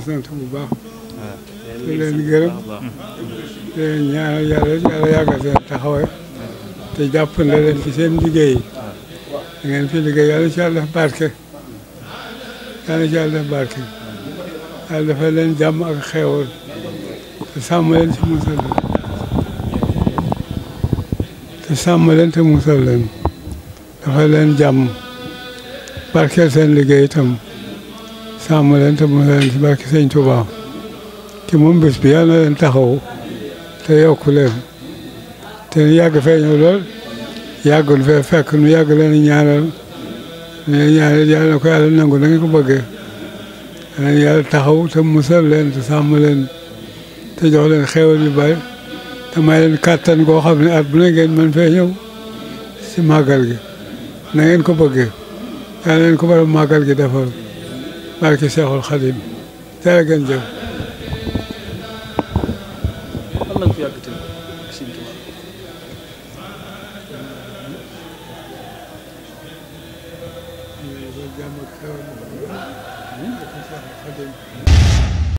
sant bu baax. di leen gërëm di leen ñaanal yàlla yàlla yàggal seen taxawaay te jàppale leen ci seen liggéey yi da ngeen fi liggéey yàlla ci yàlla def barke yàlla ci yàlla def barke yàlla defal leen jàmm ak xeewal te sàmm leen ci musal leen te sàmm leen te musal leen dafa leen jàmm barkeel seen liggéey itam sàmm leen te mu leen ci barke sëñ Tuubaa te moom bés bi yàlla na leen taxaw te yokk leen te nu yàgg feeñoo lool yàggul fee fekk nu yàgg leen ñaanal ne ñaanal yàlla na ko yàlla nangu na ko bëggee leen yàlla taxaw te musal leen te sàmm leen te jox leen xéewal yu bari te may leen kàttan koo xam ne at bu ne ngeen mën fee ñëw si màggal gi na ngeen ko bëggee yàlla leen ko bara màggal gi defal barke Seexul Xadim jërë ngeen jëf.